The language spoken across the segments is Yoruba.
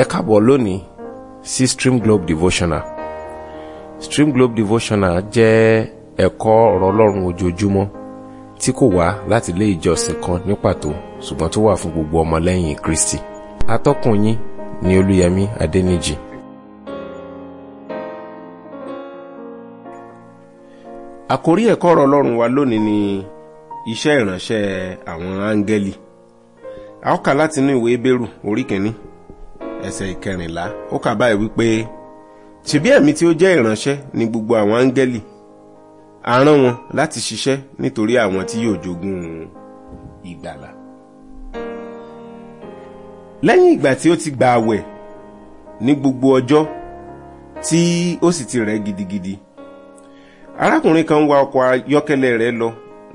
ẹ káàbọ̀ lónìí sí Stream Globe Devotional Stream Globe Devotional jẹ́ ẹ̀kọ́ ọ̀rọ̀ ọlọ́run ojoojúmọ́ tí kò wá láti ilé ìjọsìn kan ní pàtó ṣùgbọ́n tó wà fún gbogbo ọmọlẹ́yìn Kristi atọ́kùn yín ni Olúyẹmí Adẹ́nìjì. àkórí ẹ̀kọ́ ọ̀rọ̀ ọlọ́run wa lónìí ni iṣẹ́ ìránṣẹ́ àwọn áńgẹ́lì a ó kà látinú ìwé Hébérù orí kìíní ẹsẹ̀ ìkẹrìnlá ó kà báyìí wípé ṣebí ẹ̀mí tí ó jẹ́ ìránṣẹ́ ni gbogbo àwọn áńgẹ́lì a rán wọn láti ṣiṣẹ́ nítorí àwọn tí yóò jogún ìgbàlà. lẹ́yìn ìgbà tí ó ti gba àwẹ̀ ní gbogbo ọjọ́ tí ó sì ti rẹ̀ gidigidi arákùnrin kan wa ọkọ̀ ayọ́kẹ́lẹ́ rẹ̀ lọ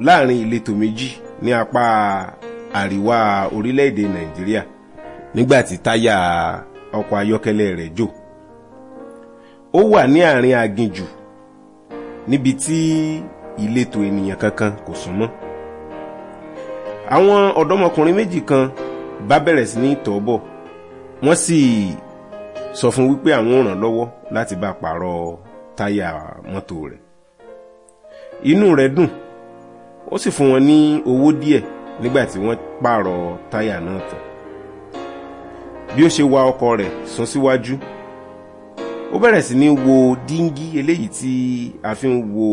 láàrin ìletò méjì ní apá àríwá orílẹ̀-èdè nàìjíríà nígbà tí táyà ọkọ̀ ayọ́kẹ́lẹ́ rẹ̀ jò ó wà ní àárín aginjù níbi tí ìletò ènìyàn kankan kò sún mọ́ àwọn ọ̀dọ́mọkùnrin méjì kan bá bẹ̀rẹ̀ sí ní tọ́ bọ̀ wọ́n sì sọ fún wípé àwọn ò ràn lọ́wọ́ láti bá pààrọ̀ táyà mọ́tò rẹ̀ inú rẹ̀ dùn ó sì fún wọn ní owó díẹ̀ nígbà tí wọ́n pààrọ̀ táyà náà tán bí ó ṣe wa ọkọ̀ rẹ̀ sún síwájú ó bẹ̀rẹ̀ sí ní wo díngí eléyìí tí a fi ń wo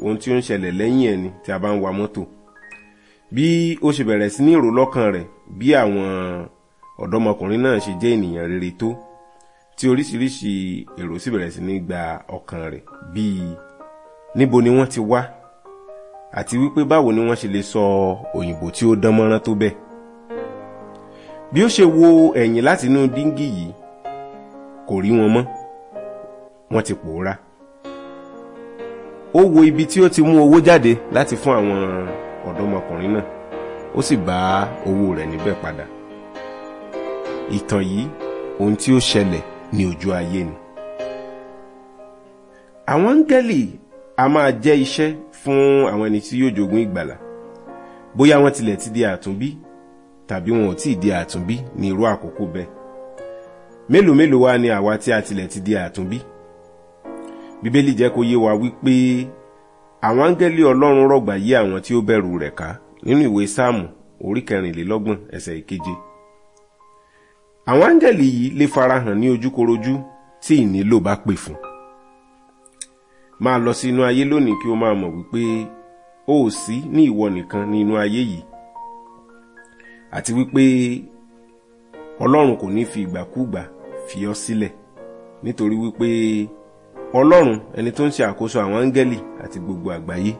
ohun tí ó ń ṣẹlẹ̀ lẹ́yìn ẹni tí a bá ń wa mọ́tò bí ó ṣe bẹ̀rẹ̀ sí ní rò lọ́kàn rẹ̀ bí àwọn ọ̀dọ́mọkùnrin náà ṣe jẹ́ ènìyàn rere tó tí oríṣiríṣi èrò sì bẹ̀rẹ̀ sí ní gba ọkàn rẹ̀ bíi níbo ni wọ́n ti wá àti wípé báwo ni wọ́n ṣe lè sọ òyìnbó tí ó dán mọ́rán tó bẹ́ẹ̀ bí ó ṣe wo ẹ̀yìn látinú díngì yìí kò rí wọn mọ́ wọ́n ti pòórá ó wo ibi tí ó ti mú owó jáde láti fún àwọn ọ̀dọ́mọkùnrin náà ó sì bá owó rẹ̀ níbẹ̀ padà ìtàn yìí ohun tí ó ṣẹlẹ̀ ní ojú ayé ni àwọn áńgẹ́lì a máa jẹ́ iṣẹ́ fún àwọn ẹni tí yóò jogún ìgbàlà bóyá wọ́n tilẹ̀ ti di àtúnbí tàbí wọn ò tí ì di àtúnbí ní irú àkókò bẹ́ẹ̀ mélòó mélòó wá ni àwa tí a tilẹ̀ ti di àtúnbí bíbélì jẹ́ kó yé wa wípé àwọn áńgẹ́lì ọlọ́run rọ̀gbà yí àwọn tí ó bẹ̀rù rẹ̀ ká nínú ìwé sáàmù orí kẹrìnlélọ́gbọ̀n ẹsẹ̀ ìkeje àwọn áńgẹ́lì yìí lè farahàn ní ojúkorojú tí ìnílò bá pè fún máa lọ sí inú ayé lónìí kí o máa mọ̀ wípé o ò sí ní ìwọ nìkan ní inú ayé yìí àti wípé ọlọ́run kò ní fi ìgbàkúgbà fi ọ́ sílẹ̀ nítorí wípé ọlọ́run ẹni tó ń ṣe àkóso àwọn áńgẹ́lì àti gbogbo àgbáyé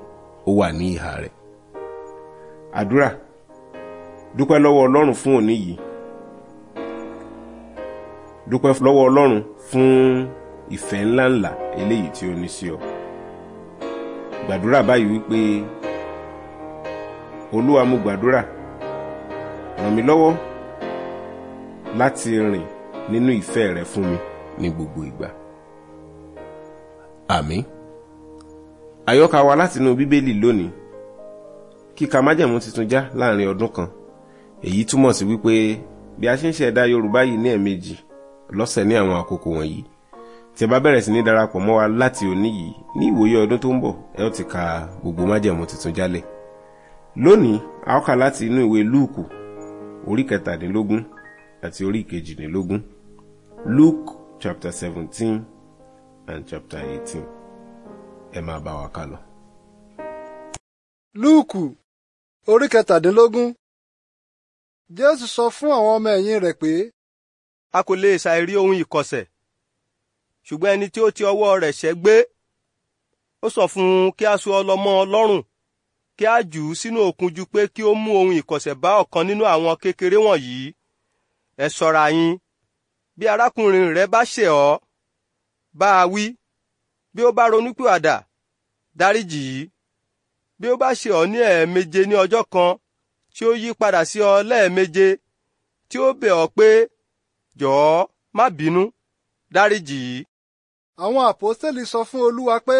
ó wà ní ìhà rẹ̀ àdúrà dúpẹ́ lọ́wọ́ ọlọ́run fún òní yìí dúpẹ́ lọ́wọ́ ọlọ́run fún ìfẹ́ ńláńlá eléyìí tí ó ní sí ọ gbàdúrà báyìí wípé olúwa mo gbàdúrà ràn mí lọ́wọ́ láti rìn nínú ìfẹ́ rẹ fún mi ní gbogbo ìgbà. àmín àyọkà wa látinú bíbélì lónìí kíka májẹ̀mú tuntun já láàrin ọdún kan èyí túmọ̀ sí wípé bí a ṣe ń ṣẹ̀dá yorùbá yìí ní ẹ̀ẹ̀mejì lọ́sẹ̀ ní àwọn àkókò wọ̀nyí tí ẹ bá bẹ̀rẹ̀ sí ní darapọ̀ mọ́ wa láti òní yìí ní ìwòye ọdún tó ń bọ̀ ẹ ó ti ka gbogbo májẹ̀mú tuntun jálẹ̀ lónìí a kà láti inú ìwé lúùkù orí kẹtàdínlógún àti orí kejìdínlógún luke chapter seventeen and chapter eighteen ẹ máa bá wa kálọ. lúùkù orí kẹtàdínlógún jésù sọ fún àwọn ọmọ ẹ̀yìn rẹ̀ pé. a kò lè ṣàìrí ohun ìkọ̀sẹ̀ ṣùgbọ́n ẹni tí ó ti ọwọ́ rẹ̀ ṣẹ́ gbé ó sọ fún un kí a so ọlọ́mọ ọlọ́rùn kí a jù ú sínú òkun ju pé kí ó mú ohun ìkọ̀sẹ̀ bá ọ̀kan nínú àwọn kékeré wọ̀nyí ẹ ṣọ́ra yín bí arákùnrin rẹ bá ṣẹ̀ ọ́ bá a wí bí ó bá ronúpìwàdà dáríjì í bí ó bá ṣẹ̀ ọ́ ní ẹ̀ẹ̀méje ní ọjọ́ kan tí ó yí padà sí ọ lẹ́ẹ̀méje tí ó bẹ̀ ọ́ pé jọ̀ọ́ má bínú dáríjì í. àwọn àpọ́stélì sọ fún olúwa pé.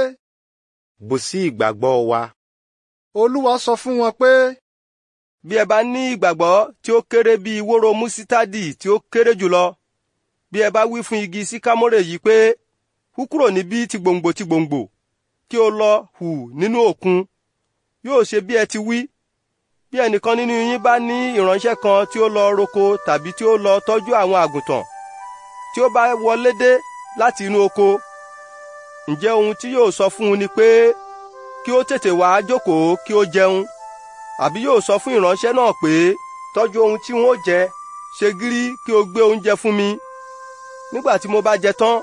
bù ìgbàgbọ́ wa olúwa sọ fún wọn pé. bí ẹ bá ní ìgbàgbọ́ tí ó kéré bí wóró músítádì tí ó kéré jùlọ bí ẹ bá wí fún igi síkámórè yìí pé hú kúrò níbí ti gbòǹgbò ti gbòǹgbò kí o lọ hù nínú òkun yóò ṣe bí ẹ ti wí bí ẹnìkan nínú yín bá ní ìránṣẹ́ kan tí ó lọ roko tàbí tí ó lọ tọ́jú àwọn àgùntàn tí ó bá wọlé dé láti inú oko ǹjẹ́ ohun tí yóò sọ fún un ni pé kí ó tètè wá jókòó kí ó jẹun àbí yóò sọ fún ìránṣẹ́ náà pé tọ́jú ohun tí wọ́n jẹ ṣe gírí kí o gbé oúnjẹ fún mi nígbà tí mo bá jẹ tán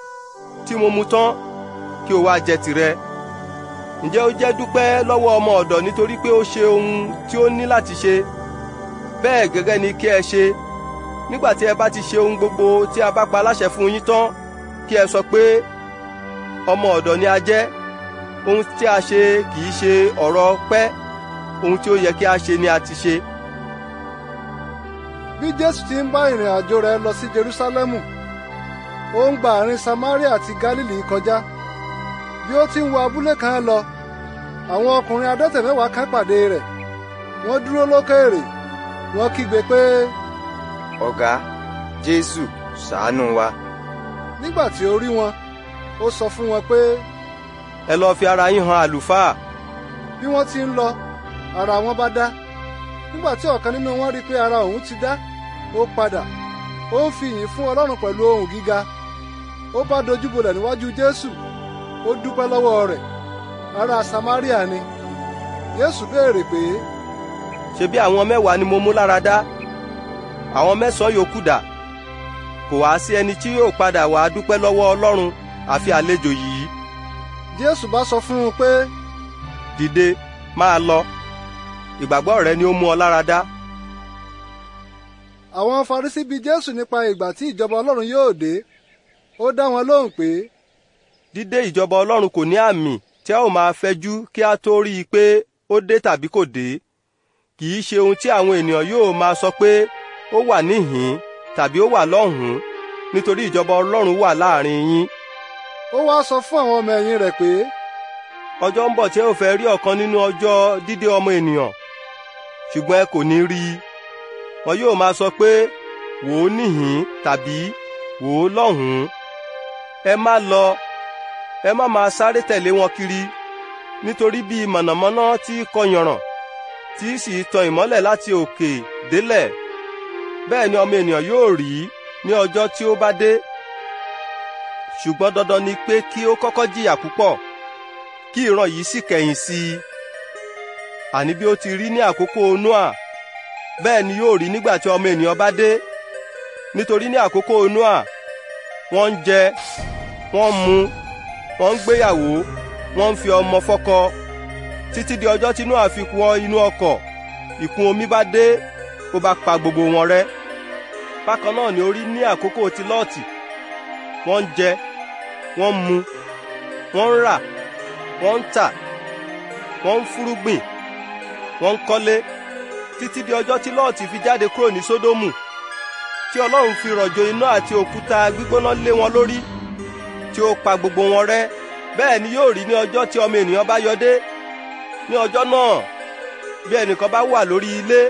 tí mo mu tán kí o wá jẹ tìrẹ ǹjẹ́ ó jẹ́ dúpẹ́ lọ́wọ́ ọmọ ọ̀dọ̀ nítorí pé ó ṣe ohun tí ó ní láti ṣe bẹ́ẹ̀ gẹ́gẹ́ ni kí ẹ ṣe nígbà tí ẹ bá ti ṣe ohun gbogbo tí a bá pa láṣẹ fún yín tán kí ẹ sọ pé ọmọ ọ̀dọ̀ ni a jẹ́ ohun tí a ṣe kì í ṣe ọ̀rọ̀ pẹ́ ohun tí ó yẹ kí a ṣe ni a ti ṣe. bí jésù ti ń bá ìrìn àjò rẹ̀ lọ sí jerúsálẹ́mù ó ń gba àárín samaria àti galilei kọjá bí ó ti ń wọ abúlé kan lọ àwọn ọkùnrin adẹ́tẹ̀ mẹ́wàá kan pàdé rẹ̀ wọ́n dúró lókèèrè wọ́n kígbe pé. ọ̀gá jésù ṣàánú wa. nígbà tí ó rí wọn ó sọ fún wọn pé ẹ lọ́ọ́ fi ara yín hàn àlùfáà. bí wọ́n ti ń lọ ara wọn bá dá nígbà tí ọ̀kan nínú wọn rí i pé ara òun ti dá ó padà ó ń fi ìyìn fún ọlọ́run pẹ̀lú ohùn gíga ó bá dojúbolẹ̀ níwájú jésù ó dúpẹ́ lọ́wọ́ rẹ̀ ará samaria ni jésù béèrè pé. ṣebí àwọn mẹ́wàá ni mo mú lára dá àwọn mẹ́sàn-án yòókù dà kò wá sí ẹni tí yóò padà wàá dúpẹ́ lọ́wọ́ ọlọ́run àfi àlejò yìí jésù bá sọ fún un pé dìde máa lọ ìgbàgbọ́ rẹ ni ó mú ọ lára dá. àwọn farisí bi jésù nípa ìgbà tí ìjọba ọlọ́run yóò dé ó dá wọn lóhùn pé. dídé ìjọba ọlọ́run kò ní àmì tí a ó máa fẹjú kí a tó rí i pé ó dé tàbí kò dé kì í ṣe ohun tí àwọn ènìyàn yóò máa sọ pé ó wà níhìn tàbí ó wà lọ́hùn-ún nítorí ìjọba ọlọ́run wà láàrin yín ó wá sọ fún àwọn ọmọ ẹ̀yìn rẹ̀ pé. ọjọ́ ń bọ̀ tí ẹ fẹ́ rí ọ̀kan nínú ọjọ́ dídé ọmọ ènìyàn ṣùgbọ́n ẹ kò ní rí i wọn yóò máa sọ pé wò ó níhìn tàbí wò ó lọ́hùn-ún ẹ má lọ ẹ má máa sáré tẹ̀lé wọn kiri nítorí bí mọ̀nàmọ́ná tí kọyànràn tí sì tan ìmọ́lẹ̀ láti òkè délẹ̀ bẹ́ẹ̀ ni ọmọ ènìyàn yóò rí ní ọjọ́ tí ó bá dé. ṣùgbọ́n dandan ni pé kí ó kọ́kọ́ jìyà púpọ̀ kí ìran yìí sì kẹ̀yìn sí i àní bí ó ti rí ní àkókò noa bẹ́ẹ̀ ni yóò rí nígbà tí ọmọ ènìyàn bá dé nítorí ní àkókò noa wọ́n ń jẹ wọ́n ń mu wọ́n ń gbéyàwó wọ́n ń fi ọmọ fọ́kọ títí di ọjọ́ tí noa fi wọ inú ọkọ̀ ìkún omi bá dé ó bá pa gbogbo wọn rẹ́ bákan náà ni ó rí ní àkókò ti lọ́ọ̀tì wọ́n ń jẹ wọ́n mu wọ́n ń rà wọ́n ń tà wọ́n ń fúrúgbìn wọ́n ń kọ́lé títí di ọjọ́ tí lọ́ọ̀tì fi jáde kúrò ní sódómù tí ọlọ́run fi rọ̀jò iná àti òkúta gbígbóná lé wọn lórí tí ó pa gbogbo wọn rẹ́ bẹ́ẹ̀ ni yóò rí ní ọjọ́ tí ọmọ ènìyàn bá yọdé ní ọjọ́ náà bí ẹnìkan bá wà lórí ilé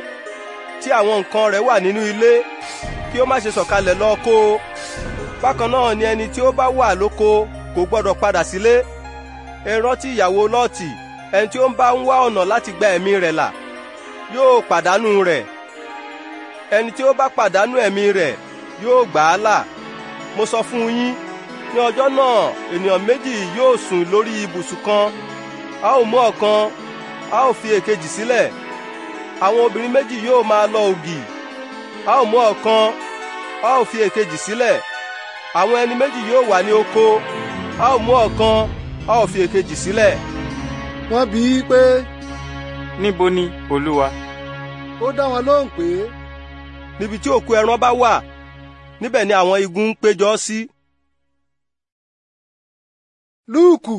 tí àwọn nǹkan rẹ̀ wà nínú ilé kí ó má ṣe sọ̀kalẹ̀ lọ kó o bákan náà ni ẹni tí ó bá wà lóko kò gbọ́dọ̀ padà sílé ẹ rántí ìyàwó lọ́ọ̀tì ẹni tí ó ń bá ń wá ọ̀nà láti gba ẹ̀mí rẹ̀ là yóò pàdánù rẹ̀ ẹni tí ó bá pàdánù ẹ̀mí rẹ̀ yóò gbà á là mo sọ fún yín ní ọjọ́ náà ènìyàn méjì yóò sùn lórí ibùsùn kan a ó mú ọ̀kan a ó fi èkejì sílẹ̀ àwọn obìnrin méjì yóò máa lọ ògì a ó mú ọ̀kan a ó fi èkejì sílẹ̀ àwọn ẹni méjì yóò wà ní oko a ó mú ọ̀kan a ó fi èkejì sílẹ̀. wọ́n bi í pé. níbo ni olúwa. ó dá wọn lóhùn pé. níbi tí òkú ẹran bá wà níbẹ̀ ni àwọn igun ń péjọ sí. lúùkù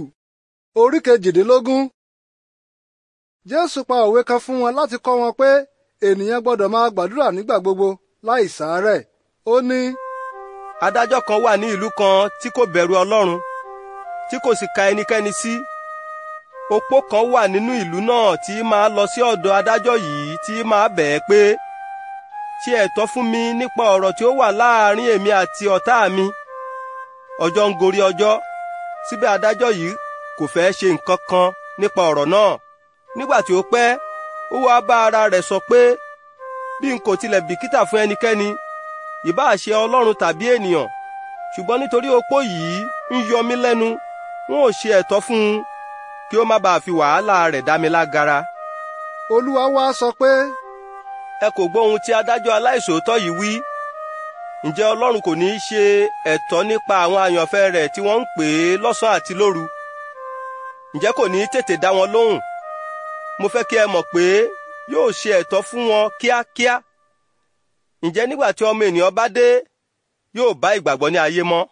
orí kejìdínlógún jésù pa òwe kan fún wọn láti kọ́ wọn pé ènìyàn gbọ́dọ̀ máa gbàdúrà nígbà gbogbo láì sáárẹ̀ ó ní. Ni adájọ́ kan wà ní ìlú kan tí kò bẹ̀rù ọlọ́run tí kò sì ka ẹnikẹ́ni sí opó kan wà nínú ìlú náà tí máa lọ sí ọ̀dọ̀ adájọ́ yìí tí máa bẹ̀ ẹ́ pé ṣe ẹ̀tọ́ fún mi nípa ọ̀rọ̀ tí ó wà láàárín èmi àti ọ̀tá mi ọjọ́ ń gorí ọjọ́ síbẹ̀ adájọ́ yìí kò fẹ́ ṣe nǹkan kan nípa ọ̀rọ̀ náà nígbà tí ó pẹ́ ó wá bá ara rẹ̀ sọ pé bí n kò tilẹ̀ bìkítà fún ẹnikẹ́ni ìbáà ṣe ọlọ́run tàbí ènìyàn ṣùgbọ́n nítorí opó yìí ń yọ mí lẹ́nu wọn ò ṣe ẹ̀tọ́ fún un kí ó má bàa fi wàhálà rẹ̀ dá mi lágara. olúwa wá sọ pé. ẹ kò gbọ́ ohun tí adájọ́ aláìsòótọ́ yìí wí ǹjẹ́ ọlọ́run kò ní í ṣe ẹ̀tọ́ nípa àwọn àyànfẹ́ rẹ̀ tí wọ́n ń pè é lọ́sàn-án àti lóru ǹjẹ́ kò ní í tètè dá wọn lóhùn mo fẹ́ kí ẹ mọ̀ pé yóò ṣe ẹ̀tọ́ fún wọn kíákíá. kia. ǹjẹ́ nígbà tí ọmọ ènìyàn bá dé yóò bá ìgbàgbọ́ ní ayé mọ́.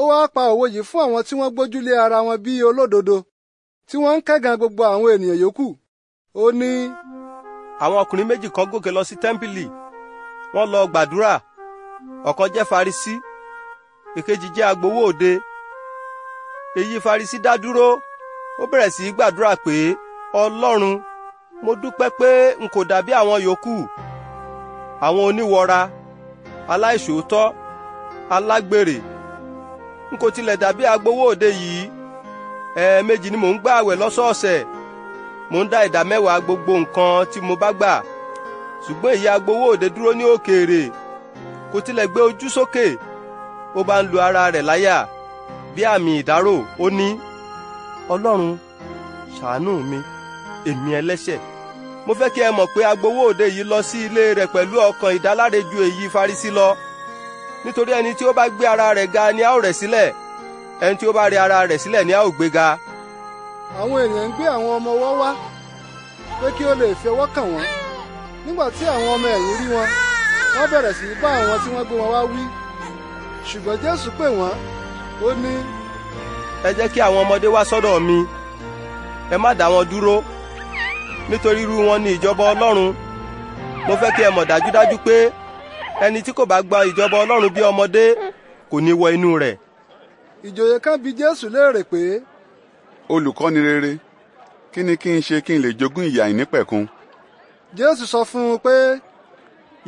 ó wáá pa òwe yìí fún àwọn tí wọ́n gbójúlé ara wọn bí olódodo tí wọ́n ń kẹ́gàn gbogbo àwọn ènìyàn yòókù ó ní. àwọn ọkùnrin méjì kan gòkè lọ sí tẹ́ḿpìlì wọ́n lọ gbàdúrà ọ̀kan jẹ́ farisí èkejì jẹ́ agbowó òde èyí farisí dá ó bẹ̀rẹ̀ sí gbàdúrà pé ọlọ́run mo dúpẹ́ pé n kò dàbí àwọn yòókù àwọn oníwọra aláìṣòótọ́ alágbèrè n kò tilẹ̀ dàbí agbowó òde yìí ẹ̀ẹ̀mejì ni mò ń gbààwẹ̀ lọ́sọ̀ọ̀sẹ̀ mò ń dá ìdá mẹ́wàá gbogbo nǹkan tí mo bá gbà ṣùgbọ́n ìyá agbowó òde dúró ní òkèèrè kò tilẹ̀ gbé ojú sókè ó bá ń lu ara rẹ̀ láyà bí àmì ìdárò ó ní ọlọ́run ṣàánú mi èmi ẹlẹ́ṣẹ̀ mo fẹ́ kí ẹ mọ̀ pé agbowó òde yìí lọ sí ilé rẹ̀ pẹ̀lú ọkàn ìdáláre ju èyí Farisí lọ nítorí ẹni tí ó bá gbé ara rẹ̀ ga ni a ó rẹ̀ sílẹ̀ ẹni tí ó bá rẹ̀ ara rẹ̀ sílẹ̀ ni a ó gbé ga. àwọn èèyàn ń gbé àwọn ọmọ ọwọ́ wá pé kí ó lè fi kàn wọ́n nígbà tí àwọn ọmọ ẹ̀yìn rí wọn wọ́n bẹ̀rẹ̀ sí bá àwọn tí wọ́n gbé wọn wá wí ṣùgbọ́n Jésù pè wọ́n ó ní. ẹ jẹ́ kí àwọn ọmọdé wá sọ́dọ̀ mi ẹ má dá wọn dúró nítorí irú wọn ni ìjọba ọlọ́run mo fẹ́ kí ẹ mọ̀ dájúdájú pé ẹni tí kò bá gba ìjọba ọlọ́run bí ọmọdé kò ní wọ inú rẹ̀. ìjòyè kan bi jésù léèrè pé. olùkọ́ni rere kí ni kí n ṣe kí n lè jogún ìyà ìnípẹ̀kun. jésù sọ fún un pé.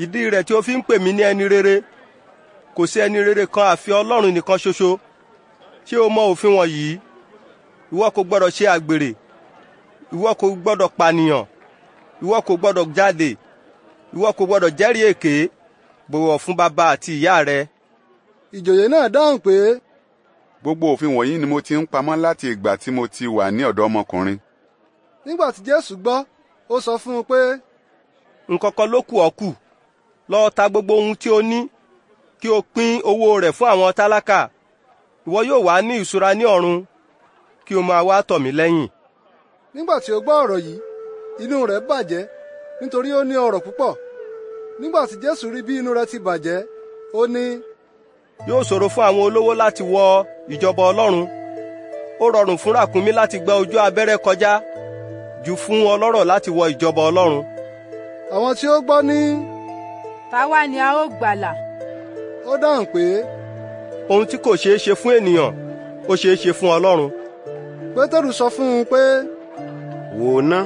ìdí rẹ̀ tí o fi ń pè mí ní ẹni rere kò sí ẹni rere kan àfi ọlọ́run nìkan ṣoṣo ṣé o mọ òfin wọ̀nyí ìwọ kò gbọ́dọ̀ ṣe àgbèrè ìwọ kò gbọ́dọ̀ pànìyàn ìwọ kò gbọ́dọ̀ jáde ìwọ kò gbọ́dọ̀ jẹ́rìí èké bọ̀wọ̀ fún bàbá àti ìyá rẹ. ìjòyè náà dáhùn pé. gbogbo òfin wọ̀nyí ni mo ti ń pamọ́ láti ìgbà tí mo ti wà ní ọ̀dọ́ ọmọkùnrin. nígbà tí jésù gbọ́ ó sọ fún un pé. nǹkankan ló kù ọ́ kù lọ ta gbogbo ohun tí o ní kí o pín owó rẹ̀ fún àwọn tálákà ìwọ yóò wá ní ìṣúra ní ọ̀run kí o máa wá tọ̀ mí lẹ́yìn nígbà tí ó gbọ́ ọ̀rọ̀ yìí inú rẹ̀ bàjẹ́ nítorí ó ní ọrọ̀ púpọ̀ nígbà tí jésù rí bí inú rẹ̀ ti bàjẹ́ ó ní. yóò ṣòro fún àwọn olówó láti wọ ìjọba ọlọ́run ó rọrùn fún ràkúnmí láti gba ojú abẹ́rẹ́ kọjá jù fún ọlọ́rọ̀ láti wọ ìjọba ọlọ́run. àwọn tí ó gbọ́ ní. táwa ni a ó gbàlà. ó dáhùn pé. ohun tí kò ṣeé ṣe fún ènìyàn ó ṣeé ṣe fún ọlọ́run. pétérù sọ fún un pé. Pe wò ó ná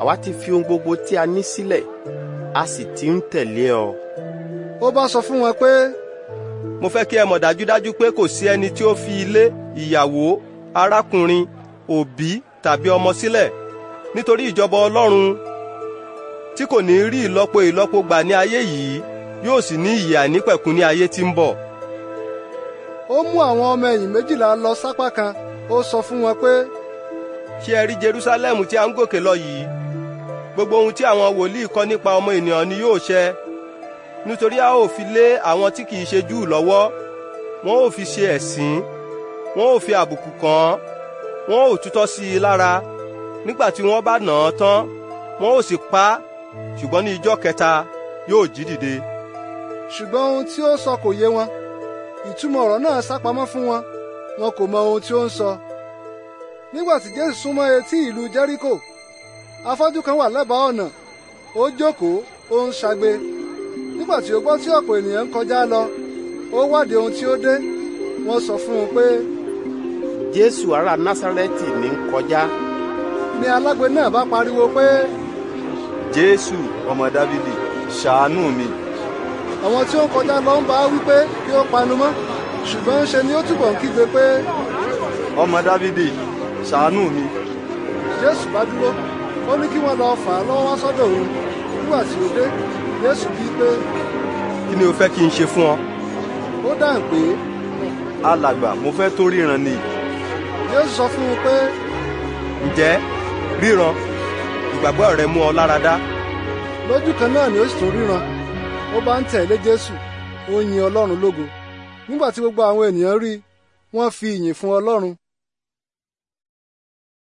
àwa ti fi ohun gbogbo tí a ní sílẹ̀ a sì ti ń tẹ̀lé ọ. ó bá sọ fún wọn pé. mo fẹ́ kí ẹ mọ̀ dájúdájú pé kò sí ẹni tí ó fi ilé ìyàwó arákùnrin òbí tàbí ọmọ sílẹ̀ nítorí ìjọba ọlọ́run tí kò ní rí ìlọ́po ìlọ́po gbà ní ayé yìí yóò sì ní ìyè àìnípẹ̀kun ní ayé tí ń bọ̀. ó mú àwọn ọmọ ẹ̀yìn méjìlá lọ sápá kan ó sọ fún wọn pé ṣé ẹ rí Jerúsálẹ́mù tí a ń gòkè lọ yìí gbogbo ohun tí àwọn wòlíì kọ nípa ọmọ ènìyàn ni yóò ṣẹ nítorí a ó fi lé àwọn tí kìí ṣe Júù lọ́wọ́ wọn ó fi ṣe ẹ̀sín wọn ó fi àbùkù kàn án wọn ó tutọ́ sí i lára nígbà tí wọ́n bá nà án tán wọn ó sì pa á ṣùgbọ́n ní ijọ́ kẹta yóò jí dìde. ṣùgbọ́n ohun tí ó sọ kò yé wọn ìtumọ̀ ọ̀rọ̀ náà sápamọ́ fún wọn wọn kò mọ ohun tí ó ń sọ. So nígbà tí jésù súnmọ́ etí ìlú jẹ́ríkò afọ́jú kan wà lẹ́bàá ọ̀nà ó jókòó ó ń ṣagbe nígbà tí ó gbọ́ tí ọ̀pọ̀ ènìyàn ń kọjá lọ ó wádìí ohun tí ó dé wọ́n sọ fún un pé. jésù ará násárẹ́tì ní ń kọjá. ni alágbe náà bá pariwo pé. jésù ọmọ dávidi ṣàánú mi. àwọn tí ó ń kọjá lọ ń bá wí pé kí ó panu mọ́ ṣùgbọ́n ṣe ni ó túbọ̀ ń kígbe pé. ọmọ dávidi ṣàánú mi. jésù bá dúró ó ní kí wọ́n lọ fà á lọ́wọ́ wá sọ́dọ̀ òun nígbà tí ó dé jésù bíi pé. kí ni o fẹ́ kí n ṣe fún ọ. ó dáhùn pé. alàgbà mo fẹ́ tó ríran ni. jésù sọ fún un pé. ǹjẹ́ ríran ìgbàgbọ́ rẹ mú ọ láradá. lójú kan náà ni ó sì tún ríran ó bá ń tẹ̀lé jésù ó yin ọlọ́run lógo nígbà tí gbogbo àwọn ènìyàn rí i wọ́n fi ìyìn fún ọlọ́run